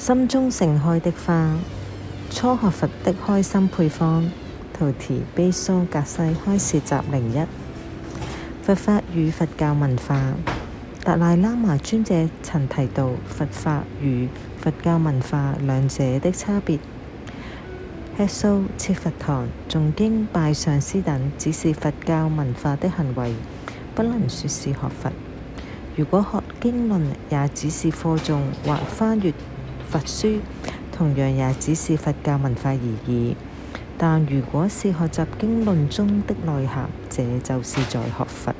心中盛開的花，初學佛的開心配方。圖滇悲桑格西開示集零一，佛法與佛教文化。達賴喇嘛尊者曾提到佛法與佛教文化兩者的差別。吃素、設佛堂、誦經、拜上師等，只是佛教文化的行為，不能說是學佛。如果學經論，也只是課誦或翻閱。佛書同樣也只是佛教文化而已，但如果是學習經論中的內涵，這就是在學佛。